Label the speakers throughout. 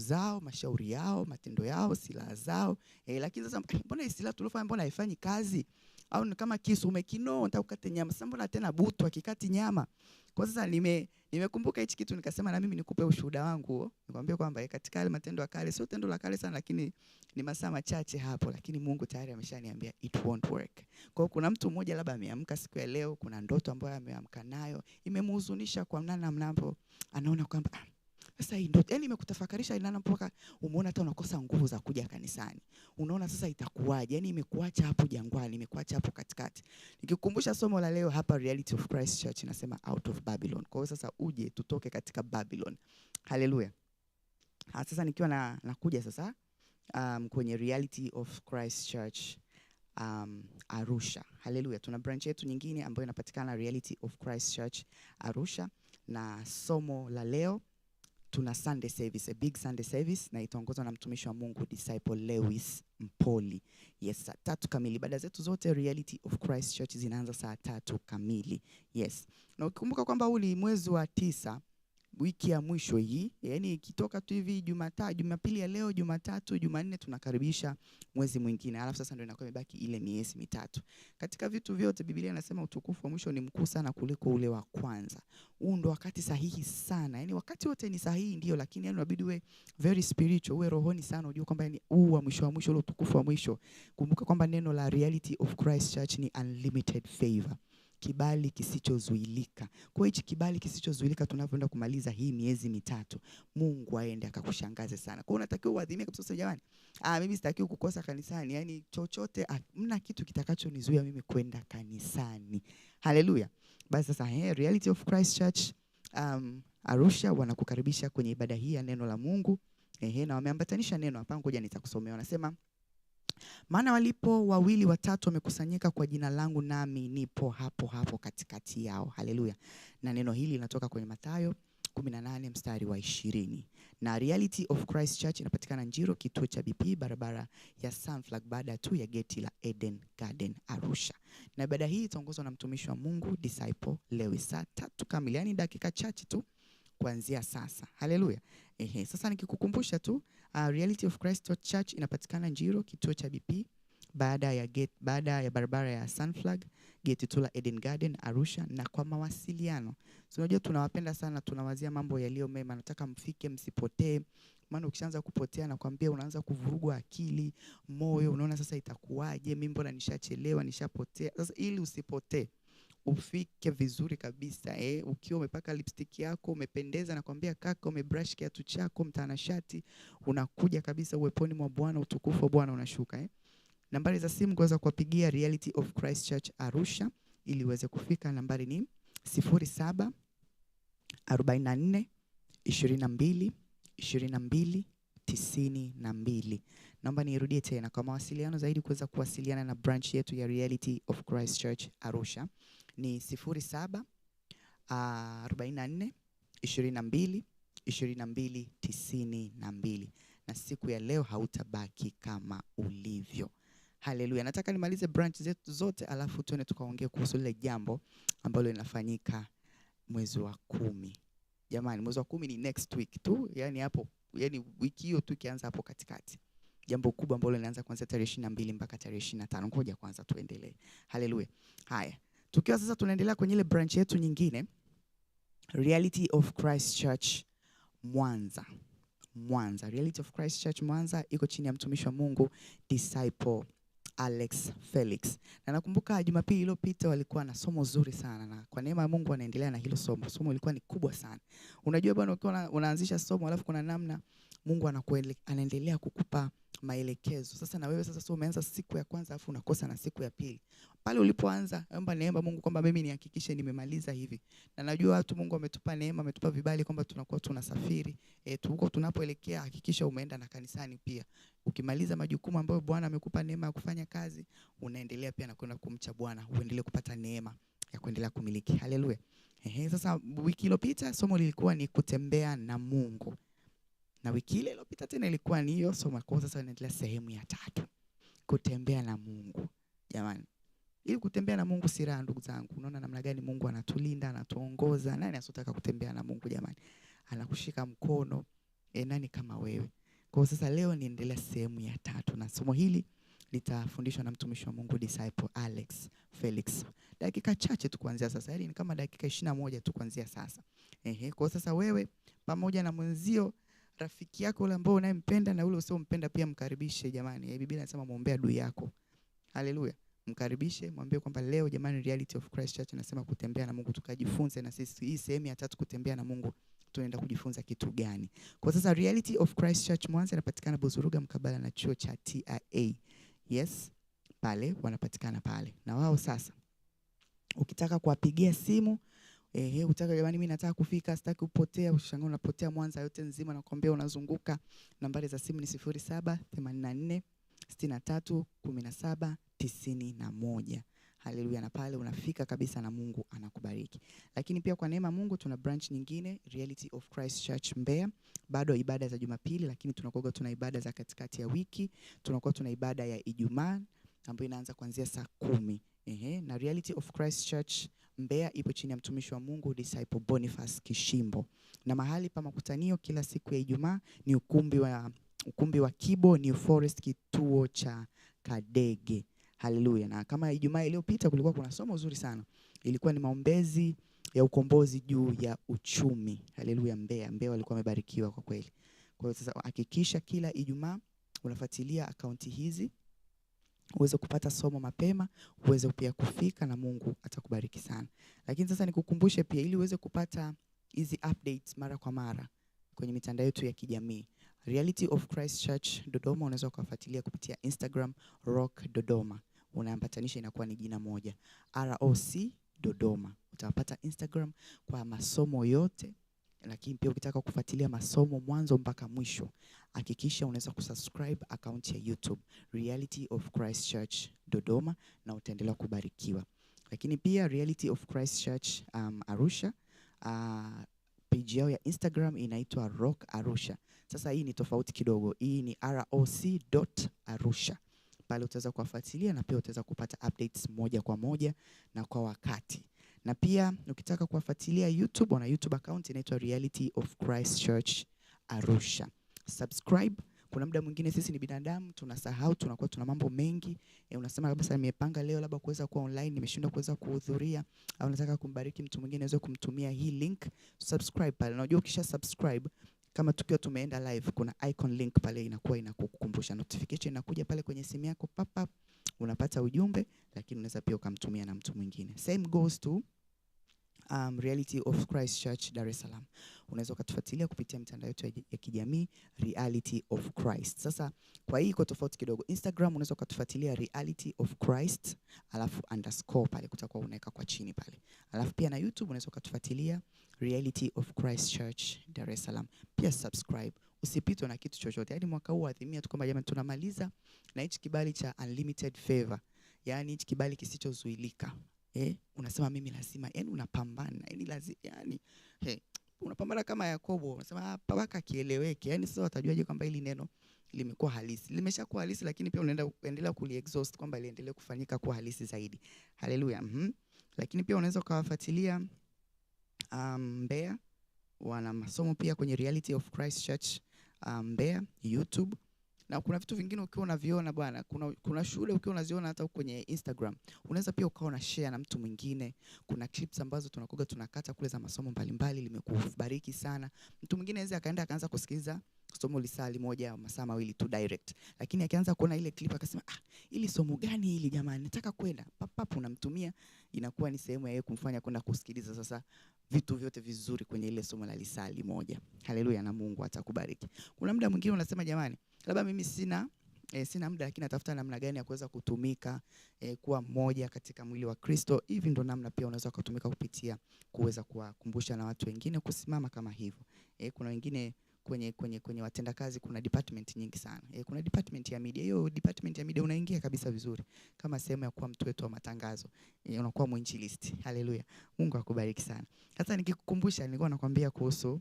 Speaker 1: zao, mashauri yao, matendo yao, silaha zao. Eh, lakini sasa mbona hii silaha tulofanya mbona haifanyi kazi? Au ni kama kisu umekinoa nataka ukate nyama. Sasa mbona tena butu akikati nyama? Kwa sasa nime nimekumbuka hichi kitu nikasema na mimi nikupe ushuhuda wangu huo. Nikwambia kwamba eh, katika yale matendo ya kale sio tendo la kale sana lakini ni masaa machache hapo lakini Mungu tayari ameshaniambia it won't work. Kwa kuna mtu mmoja labda ameamka siku ya leo kuna ndoto ambayo ameamka nayo imemhuzunisha kwa namna mnapo anaona kwamba ah, sasa hii ndio yani imekutafakarisha Ilana mpaka umeona hata unakosa nguvu za kuja kanisani. Unaona sasa itakuwaje? Yani imekuacha hapo jangwani, imekuacha hapo katikati. Nikikumbusha somo la leo hapa Reality of Christ Church inasema out of Babylon. Kwa hiyo sasa uje tutoke katika Babylon. Haleluya. Ha, ah, sasa nikiwa na nakuja sasa um, kwenye Reality of Christ Church um, Arusha. Haleluya. Tuna branch yetu nyingine ambayo inapatikana Reality of Christ Church Arusha na somo la leo tuna Sunday service, a big Sunday service na itaongozwa na mtumishi wa Mungu disciple Lewis Mpoli. Yes, saa tatu kamili. Ibada zetu zote Reality of Christ Church zinaanza saa tatu kamili. Yes. Na ukikumbuka kwamba huu ni mwezi wa tisa wiki ya mwisho hii, yani ikitoka tu hivi Jumatatu, Jumapili ya leo, Jumatatu, Jumanne tunakaribisha mwezi mwingine. Alafu sasa ndio inakuwa imebaki ile miezi mitatu. Katika vitu vyote Biblia inasema utukufu wa mwisho ni mkuu sana kuliko ule wa kwanza. Huu ndio wakati sahihi sana. Yani wakati wote ni sahihi ndio, lakini yani unabidi uwe very spiritual, uwe rohoni sana, ujue kwamba yani huu wa mwisho wa mwisho, ule utukufu wa mwisho. Kumbuka kwamba neno la Reality of Christ Church ni unlimited favor kibali kisichozuilika. Kwa hichi kibali kisichozuilika tunavyoenda kumaliza hii miezi mitatu, Mungu aende akakushangaze sana. Kwa hiyo unatakiwa uadhimie kabisa, sasa jamani, ah, mimi sitakiwi kukosa kanisani. Yaani chochote hamna ah, kitu kitakachonizuia mimi kwenda kanisani. Haleluya. Basi sasa, hey, eh, Reality of Christ Church um, Arusha wanakukaribisha kwenye ibada hii ya neno la Mungu. Ehe, na wameambatanisha neno hapa, ngoja nitakusomea. Wanasema maana walipo wawili watatu wamekusanyika kwa jina langu, nami nipo hapo hapo katikati yao. Haleluya! Na neno hili linatoka kwenye matayo 18 mstari wa ishirini na Reality of Christ Church inapatikana Njiro, kituo cha BP, barabara ya Sunflag, baada tu ya geti la Eden Garden Arusha. Na ibada hii itaongozwa na mtumishi wa Mungu Disciple Lewi saa tatu kamili, yaani dakika chache tu kuanzia sasa. Haleluya! Ehe, sasa nikikukumbusha tu Uh, Reality of Christ Church, Church inapatikana Njiro, kituo cha BP baada ya gate, baada ya barabara ya Sunflag gate Tula Eden Garden Arusha. Na kwa mawasiliano, so unajua tunawapenda sana, tunawazia mambo yaliyo mema, nataka mfike, msipotee maana ukishaanza kupotea na kwambia unaanza kuvurugwa akili, moyo, unaona sasa itakuwaje? Mimi mbona nishachelewa, nishapotea? Sasa ili usipotee ufike vizuri kabisa eh, ukiwa umepaka lipstick yako umependeza, nakwambia kaka, umebrush kiatu chako mtanashati, unakuja kabisa uweponi mwa Bwana, utukufu wa Bwana unashuka eh. Nambari za simu kuweza kuwapigia Reality of Christ Church Arusha ili uweze kufika, nambari ni 07 44 22 22 tisini na mbili. Naomba niirudie tena kwa mawasiliano zaidi kuweza kuwasiliana na branch yetu ya Reality of Christ Church Arusha ni sifuri saba ah, arobaini na nne ishirini na mbili ishirini na mbili tisini na mbili na siku ya leo hautabaki kama ulivyo. Haleluya. Nataka nimalize branch zetu zote alafu tuende tukaongee kuhusu lile jambo ambalo linafanyika mwezi wa kumi. Jamani, mwezi wa kumi ni next week tu, yaani hapo yani wiki hiyo tu ikianza hapo katikati jambo kubwa ambalo linaanza kuanzia tarehe ishirini na mbili mpaka tarehe ishirini na tano ngoja kwanza tuendelee haleluya haya tukiwa sasa tunaendelea kwenye ile branch yetu nyingine reality of christ church mwanza mwanza reality of christ church mwanza iko chini ya mtumishi wa mungu disciple Alex Felix. Na nakumbuka Jumapili iliyopita walikuwa na somo zuri sana na kwa neema ya Mungu wanaendelea na hilo somo. Somo ilikuwa ni kubwa sana. Unajua bwana ukiwa unaanzisha somo alafu kuna namna Mungu anakuele, anaendelea kukupa maelekezo. Sasa na wewe sasa, sio umeanza siku ya kwanza afu unakosa na siku ya pili. Pale ulipoanza, naomba neema Mungu kwamba mimi nihakikishe nimemaliza hivi. Na najua watu Mungu ametupa neema, ametupa vibali kwamba tunakuwa tunasafiri. E, eh, tuko tunapoelekea hakikisha umeenda na kanisani pia. Ukimaliza majukumu ambayo Bwana amekupa neema ya kufanya kazi, unaendelea pia na kwenda kumcha Bwana, uendelee kupata neema ya kuendelea kumiliki. Haleluya. Ehe, sasa wiki iliyopita somo lilikuwa ni kutembea na Mungu na wiki ile iliyopita tena ilikuwa ni hiyo soma kwa sasa inaendelea sehemu ya tatu kutembea na Mungu jamani ili kutembea na Mungu si raha ndugu zangu unaona namna gani Mungu anatulinda anatuongoza nani asotaka kutembea na Mungu jamani anakushika mkono e, nani kama wewe kwa sasa leo niendelea sehemu ya tatu na somo hili litafundishwa na mtumishi wa Mungu disciple Alex Felix. Dakika chache tu kuanzia sasa, yaani ni kama dakika ishirini na moja tu kuanzia sasa. Ehe, kwa sasa wewe pamoja na mwenzio rafiki yako yule ambaye unayempenda na ule usiompenda pia mkaribishe jamani. Eh, Biblia inasema muombea adui yako. Haleluya. Mkaribishe, mwambie kwamba leo jamani, Reality of Christ Church nasema kutembea na Mungu tukajifunze na sisi hii sehemu ya tatu kutembea na Mungu tunaenda kujifunza kitu gani. Kwa sasa Reality of Christ Church Mwanza inapatikana Buzuruga mkabala na chuo cha TIA. Yes, pale wanapatikana pale. Na wao sasa ukitaka kuwapigia simu Ehe, eh, utaka jamani, mimi nataka kufika, sitaki upotea. Ushangao unapotea Mwanza yote nzima, nakwambia unazunguka. Nambari za simu ni 0784 63 17 91. Haleluya! Na pale unafika kabisa na Mungu anakubariki. Lakini pia kwa neema Mungu tuna branch nyingine Reality of Christ Church Mbeya, bado ibada za Jumapili, lakini tunakuwa tuna ibada za katikati ya wiki, tunakuwa tuna ibada ya Ijumaa ambayo inaanza kuanzia saa kumi Ehe, na Reality of Christ Church Mbeya ipo chini ya mtumishi wa Mungu disciple Boniface Kishimbo, na mahali pa makutanio kila siku ya Ijumaa ni ukumbi wa ukumbi wa Kibo New Forest, kituo cha Kadege. Haleluya! Na kama Ijumaa iliyopita kulikuwa kuna somo zuri sana, ilikuwa ni maombezi ya ukombozi juu ya uchumi. Haleluya! Mbeya, Mbeya walikuwa wamebarikiwa kwa kweli. Kwa hiyo sasa hakikisha kila Ijumaa unafuatilia akaunti hizi uweze kupata somo mapema, uweze pia kufika na Mungu atakubariki sana. Lakini sasa nikukumbushe pia, ili uweze kupata hizi updates mara kwa mara kwenye mitandao yetu ya kijamii Reality of Christ Church Dodoma, unaweza ukafuatilia kupitia Instagram Rock Dodoma, unaambatanisha inakuwa ni jina moja ROC Dodoma. Utawapata Instagram kwa masomo yote lakini pia ukitaka kufuatilia masomo mwanzo mpaka mwisho, hakikisha unaweza kusubscribe account ya YouTube Reality of Christ Church Dodoma na utaendelea kubarikiwa. Lakini pia Reality of Christ Church um, Arusha uh, page yao ya Instagram inaitwa Rock Arusha. Sasa hii ni tofauti kidogo, hii ni roc.arusha. Pale utaweza kuwafuatilia na pia utaweza kupata updates moja kwa moja na kwa wakati na pia ukitaka kuwafuatilia YouTube, wana YouTube account inaitwa Reality of Christ Church Arusha. Subscribe. Kuna muda mwingine sisi ni binadamu, tunasahau, tunakuwa tuna mambo mengi. E, unasema kabisa nimepanga leo labda kuweza kuwa online, nimeshindwa kuweza kuhudhuria, au nataka kumbariki mtu mwingine, aweze kumtumia hii link. Subscribe pale. Unajua ukisha subscribe kama tukiwa tumeenda live, kuna icon link pale inakuwa inakukumbusha notification inakuja pale kwenye simu yako papa, unapata ujumbe, lakini unaweza pia ukamtumia na mtu mwingine. Same goes to um, Reality of Christ Church Dar es Salaam. Unaweza ukatufuatilia kupitia mitandao yetu ya kijamii Reality of Christ. Sasa kwa hii iko tofauti kidogo. Instagram unaweza ukatufuatilia Reality of Christ alafu underscore pale kutakuwa unaweka kwa chini pale. Alafu pia na YouTube unaweza ukatufuatilia Reality of Christ Church Dar es Salaam. Pia subscribe, usipitwe na kitu chochote. Yaani mwaka huu adhimia tu kwamba jamani, tunamaliza na hichi kibali cha unlimited favor, yaani hichi kibali kisichozuilika eh, unasema mimi lazima, yani unapambana, yaani lazima, yani hey, unapambana kama Yakobo, unasema hapa ah, mpaka kieleweke. Yaani sasa watajuaje kwamba hili neno limekuwa halisi? Limeshakuwa halisi, lakini pia unaenda kuendelea kuliexhaust kwamba liendelee kufanyika kuwa halisi zaidi. Haleluya. mm Lakini pia unaweza ukawafuatilia um, Mbeya, wana masomo pia kwenye Reality of Christ Church um, Mbeya YouTube na kuna vitu vingine ukiwa unaviona bwana, kuna, kuna shule ukiwa unaziona hata kwenye Instagram unaweza pia ukawa na share na mtu mwingine. Kuna clips ambazo tunakoga tunakata kule za masomo mbalimbali, limekubariki sana. Mtu mwingine aweza akaenda akaanza kusikiliza somo lisali moja masaa mawili tu direct. Lakini akianza kuona ile clip akasema ah, ili somo gani hili jamani? Nataka kwenda. Papapu unamtumia inakuwa ni sehemu ya yeye kumfanya kwenda kusikiliza sasa vitu vyote vizuri kwenye ile somo la lisali moja. Haleluya na Mungu atakubariki. Kuna muda mwingine unasema jamani, labda mimi sina E, sina muda lakini natafuta namna gani ya kuweza kutumika e, kuwa mmoja katika mwili wa Kristo. Hivi ndo namna pia unaweza kutumika kupitia kuweza kuwakumbusha na watu wengine kusimama kama hivyo. E, kuna wengine kwenye, kwenye, kwenye watendakazi kuna department nyingi sana. E, kuna department ya media. Hiyo department ya media unaingia kabisa vizuri kama sehemu ya kuwa mtu wetu wa matangazo. E, unakuwa mwinjilisti. Haleluya. Mungu akubariki sana. Sasa nikikukumbusha nilikuwa nakwambia kuhusu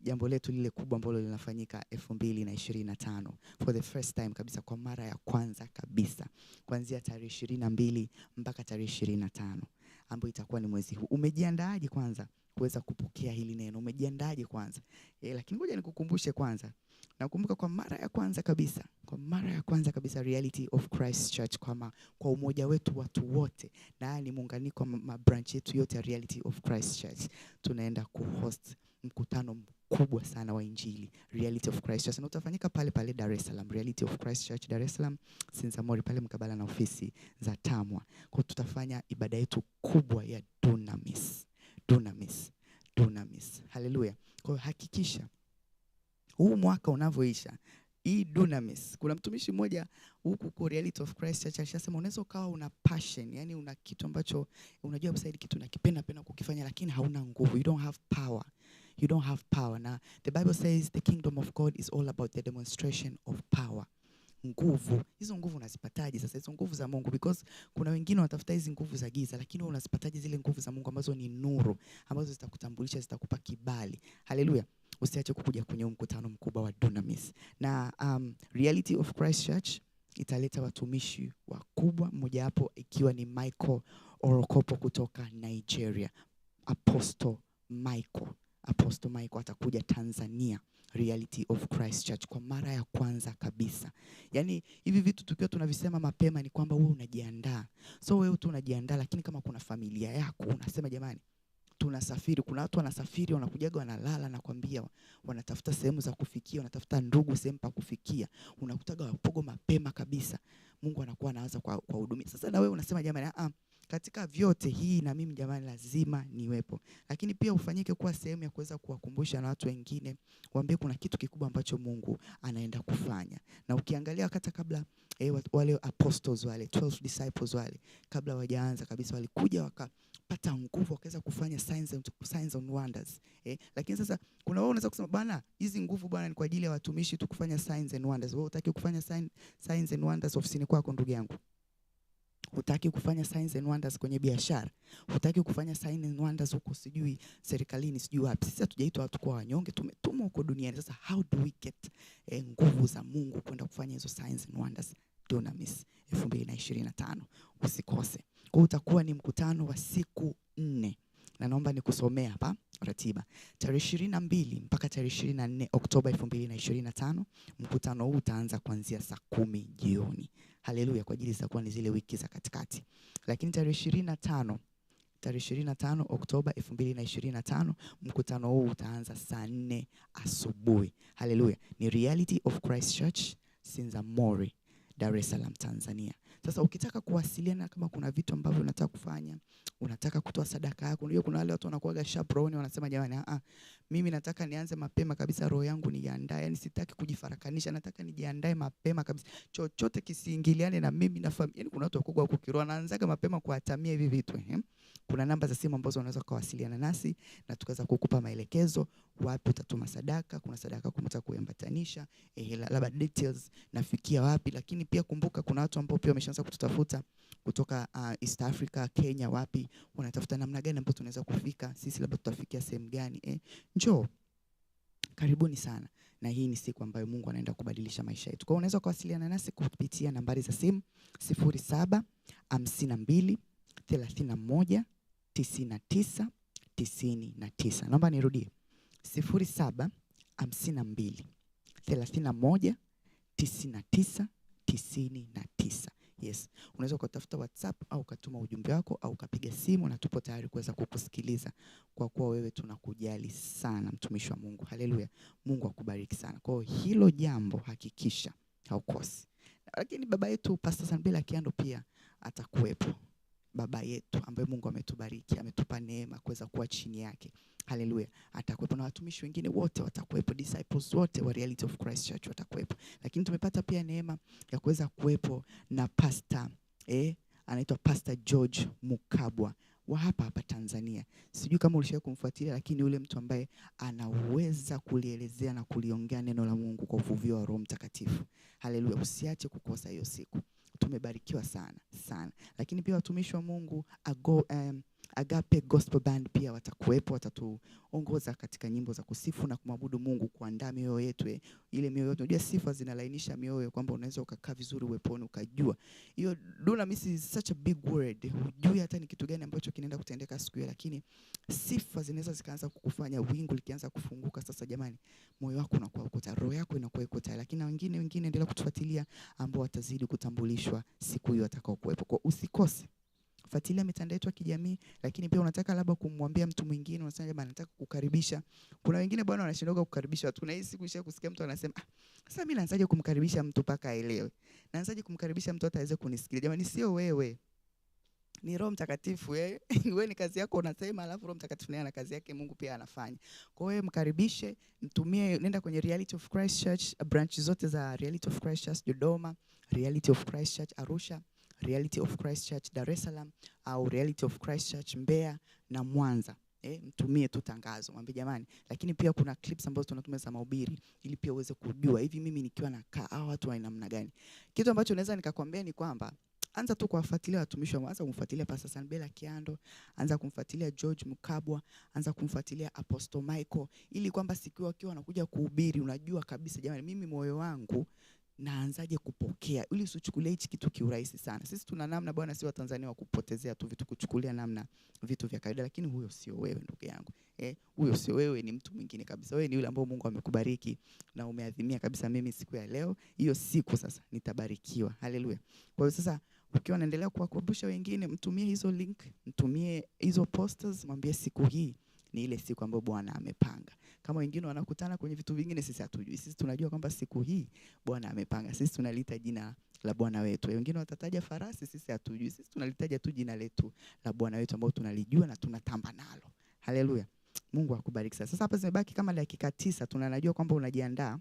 Speaker 1: jambo letu lile kubwa ambalo linafanyika elfu mbili na ishirini na tano for the first time kabisa, kwa mara ya kwanza kabisa, kuanzia tarehe ishirini na mbili mpaka tarehe ishirini na tano ambayo itakuwa ni mwezi huu. Umejiandaaje kwanza kuweza kupokea hili neno? Umejiandaaje kwanza? E, lakini ngoja nikukumbushe kwanza. Nakumbuka kwa mara ya kwanza kabisa, kwa mara ya kwanza kabisa Reality of Christ Church kwa, ma, kwa umoja wetu watu wote, na ni muunganiko wa mabranch yetu yote ya Reality of Christ Church, tunaenda kuhost mkutano mkubwa sana wa Injili, Reality of Christ Church, na utafanyika pale pale Dar es Salaam, Reality of Christ Church Dar es Salaam, Sinzamori, pale mkabala na ofisi za TAMWA. Kwa tutafanya ibada yetu kubwa ya dunamis, dunamis, dunamis. Haleluya! Kwa hiyo hakikisha huu mwaka unavyoisha hii dunamis. Kuna mtumishi mmoja huku kwa Reality of Christ Church alishasema unaweza ukawa una passion, yani una kitu ambacho unajua upside kitu unakipenda pena kukifanya, lakini hauna nguvu, you don't have power you don't have power. Now, the Bible says the kingdom of God is all about the demonstration of power. Nguvu hizo nguvu unazipataje sasa? Hizo nguvu za Mungu, because kuna wengine wanatafuta hizi nguvu za giza, lakini wewe unazipataje zile nguvu za Mungu ambazo ni nuru, ambazo zitakutambulisha, zitakupa kibali. Haleluya! Usiache kukuja kwenye mkutano mkubwa wa Dunamis na um, Reality of Christ Church italeta watumishi wakubwa, mmojawapo ikiwa ni Michael Orokopo kutoka Nigeria, Apostle Michael. Apostle Michael atakuja Tanzania Reality of Christ Church kwa mara ya kwanza kabisa. Yaani hivi vitu tukiwa tunavisema mapema ni kwamba wewe unajiandaa. So wewe tu unajiandaa lakini kama kuna familia yako unasema jamani tunasafiri. Kuna watu wanasafiri wanakujaga wanalala na kwambia wanatafuta sehemu za kufikia, wanatafuta ndugu sehemu pa kufikia. Unakutaga wapogo mapema kabisa. Mungu anakuwa anaanza kwa kwa hudumi. Sasa na wewe unasema jamani, ah katika vyote hii na mimi jamani, lazima niwepo, lakini pia ufanyike kuwa sehemu ya kuweza kuwakumbusha na watu wengine, waambie kuna kitu kikubwa ambacho Mungu anaenda kufanya. Na ukiangalia wakati kabla eh, wale apostles wale 12 disciples wale kabla wajaanza kabisa walikuja waka pata nguvu wakaweza kufanya signs and, signs and wonders eh, lakini sasa kuna wao unaweza kusema bana, hizi nguvu bana ni kwa ajili ya watumishi tu kufanya signs and wonders. Wewe unataka kufanya sign, signs and wonders ofisini kwako ndugu yangu? Hutaki kufanya signs and wonders kwenye biashara, hutaki kufanya signs and wonders huko sijui serikalini sijui wapi. Sisi hatujaitwa watu kwa wanyonge, tumetumwa huko duniani. Sasa how do we get eh, nguvu za Mungu kwenda kufanya hizo signs and wonders? Dunamis 2025 usikose. Kwa utakuwa ni mkutano wa siku nne na naomba nikusomea hapa ratiba. Tarehe ishirini na mbili mpaka tarehe ishirini na nne Oktoba elfu mbili na ishirini na tano mkutano huu utaanza kuanzia saa kumi jioni. Haleluya, kwa ajili zitakuwa ni zile wiki za katikati. Lakini tarehe ishirini na tano tarehe ishirini na tano Oktoba elfu mbili na ishirini na tano mkutano huu utaanza saa nne asubuhi. Haleluya, ni Reality of Christ Church Sinzamori, Dar es Salaam, Tanzania. Sasa ukitaka kuwasiliana, kama kuna vitu ambavyo unataka kufanya, unataka kutoa sadaka yako, unajua kuna wale watu wanakuaga chaperone, wanasema jamani, a ah, ah, mimi nataka nianze mapema kabisa, roho yangu niiandae, yani sitaki kujifarakanisha, nataka nijiandae mapema kabisa, chochote kisiingiliane na mimi na familia. Yani kuna watu wakubwa huko kiroho wanaanzaga mapema kuatamia hivi vitu eh? kuna namba za simu ambazo unaweza kuwasiliana nasi na tukaweza kukupa maelekezo wapi utatuma sadaka. Kuna sadaka kumta kuambatanisha eh, labda details nafikia wapi, lakini pia kumbuka, kuna watu ambao pia wameshaanza kututafuta kutoka uh, East Africa, Kenya, wapi wanatafuta namna gani ambapo tunaweza kufika sisi, labda tutafikia sehemu gani eh? Njoo, karibuni sana na hii ni siku ambayo Mungu anaenda kubadilisha maisha yetu. Kwa hiyo unaweza kuwasiliana nasi kupitia nambari za simu sifuri saba hamsini na mbili thelathini na moja tisini na tisa tisini na tisa. Naomba nirudie sifuri saba hamsini na mbili thelathini na moja tisini na tisa tisini na tisa. Yes, unaweza ukatafuta WhatsApp au ukatuma ujumbe wako au ukapiga simu, na tupo tayari kuweza kukusikiliza kwa kuwa wewe tunakujali sana, mtumishi wa Mungu. Haleluya, Mungu akubariki sana. Kwa hiyo hilo jambo hakikisha haukosi, lakini baba yetu Pastor Sanbila Kiando pia atakuwepo baba yetu ambaye Mungu ametubariki, ametupa neema kuweza kuwa chini yake. Haleluya. Atakuwepo na watumishi wengine wote watakuwepo, disciples wote wa Reality of Christ Church watakuwepo. Lakini tumepata pia neema ya kuweza kuwepo na pastor eh, anaitwa Pastor George Mukabwa wa hapa hapa Tanzania. Sijui kama ulishawahi kumfuatilia, lakini yule mtu ambaye anaweza kulielezea na kuliongea neno la Mungu kwa uvuvio wa Roho Mtakatifu. Haleluya, usiache kukosa hiyo siku tumebarikiwa sana sana, lakini pia watumishi wa Mungu ago, um, Agape Gospel Band pia watakuwepo, watatuongoza katika nyimbo za kusifu na kumwabudu Mungu, kuandaa mioyo yetu, eh, ile mioyo yetu. Unajua sifa zinalainisha mioyo, kwamba unaweza ukakaa vizuri uweponi ukajua. Hiyo duna misi is such a big word, hujui hata ni kitu gani ambacho kinaenda kutendeka siku hiyo, lakini sifa zinaweza zikaanza kukufanya, wingu likianza kufunguka. Sasa jamani, moyo wako unakuwa uko tayari, roho yako inakuwa iko tayari. Lakini na wengine wengine, endelea kutufuatilia ambao watazidi kutambulishwa siku hiyo atakao kuwepo, kwa usikose kufuatilia mitandao yetu ya kijamii, lakini pia unataka labda kumwambia mtu mwingine, unasema bwana, nataka kukukaribisha. Kuna wengine bwana wanashindoga kukaribisha watu. Kuna hii siku isha kusikia mtu anasema ah, sasa mimi naanzaje kumkaribisha mtu paka aelewe? Naanzaje kumkaribisha mtu ataweze aweze kunisikiliza? Jamani, sio wewe ni Roho Mtakatifu eh. Wewe ni kazi yako unasema, alafu Roho Mtakatifu naye ana kazi yake, Mungu pia anafanya. Kwa hiyo mkaribishe, mtumie, nenda kwenye Reality of Christ Church, branch zote za Reality of Christ Church Dodoma, Reality of Christ Church Arusha. Reality of Christ Church Dar es Salaam au Reality of Christ Church Mbeya na Mwanza. Eh, mtumie tu tangazo mwambie jamani, lakini pia kuna clips ambazo tunatumia za mahubiri ili pia uweze kujua hivi mimi nikiwa nakaa hawa watu wana namna gani. Kitu ambacho naweza nikakwambia ni kwamba anza tu kuwafuatilia watumishi wa Mwanza, kumfuatilia Pastor Sanbela Kiando, anza kumfuatilia George Mkabwa, anza kumfuatilia Apostle Michael ili kwamba siku wakiwa wanakuja kuhubiri unajua kabisa jamani, mimi moyo wangu naanzaje kupokea, ili usichukulie hichi kitu kiurahisi sana. Sisi tuna namna bwana, si Watanzania wa kupotezea tu vitu, kuchukulia namna vitu vya kawaida, lakini huyo sio wewe ndugu yangu eh, huyo sio wewe, ni mtu mwingine kabisa. Wewe ni yule ambao Mungu amekubariki na umeadhimia kabisa, mimi siku ya leo, hiyo siku sasa nitabarikiwa. Haleluya! Kwa hiyo sasa ukiwa unaendelea kuwakumbusha wengine, mtumie hizo link, mtumie hizo posters, mwambie siku hii ni ile siku ambayo Bwana amepanga. Kama wengine wanakutana kwenye vitu vingine, sisi hatujui. Sisi tunajua kwamba siku hii Bwana amepanga. Sisi tunalita jina la Bwana wetu. Wengine watataja farasi, sisi hatujui. Sisi tunalitaja tu jina letu la Bwana wetu ambao tunalijua na tunatamba nalo. Haleluya. Mungu akubariki sana. Sasa hapa zimebaki kama dakika tisa, tunanajua kwamba unajiandaa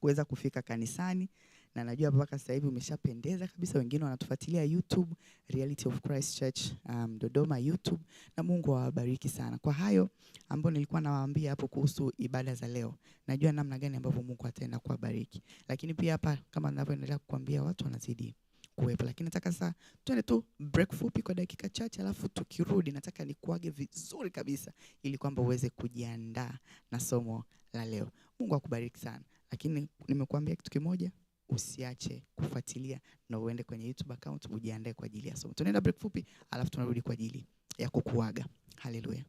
Speaker 1: kuweza kufika kanisani na najua mpaka sasa hivi umeshapendeza kabisa. Wengine wanatufuatilia YouTube Reality of Christ Church um, Dodoma YouTube, na Mungu awabariki sana kwa hayo ambayo nilikuwa nawaambia hapo kuhusu ibada za leo. Najua namna gani ambavyo Mungu ataenda kuwabariki, lakini pia hapa kama ninavyoendelea kukuambia watu wanazidi kuwepo, lakini nataka sasa tuende tu break fupi kwa dakika chache, alafu tukirudi, nataka nikuage vizuri kabisa ili kwamba uweze kujiandaa na somo la leo. Mungu akubariki sana, lakini nimekuambia kitu kimoja usiache kufuatilia na uende kwenye YouTube account ujiandae kwa ajili ya somo. Tunaenda break fupi, alafu tunarudi kwa ajili ya kukuaga. Haleluya.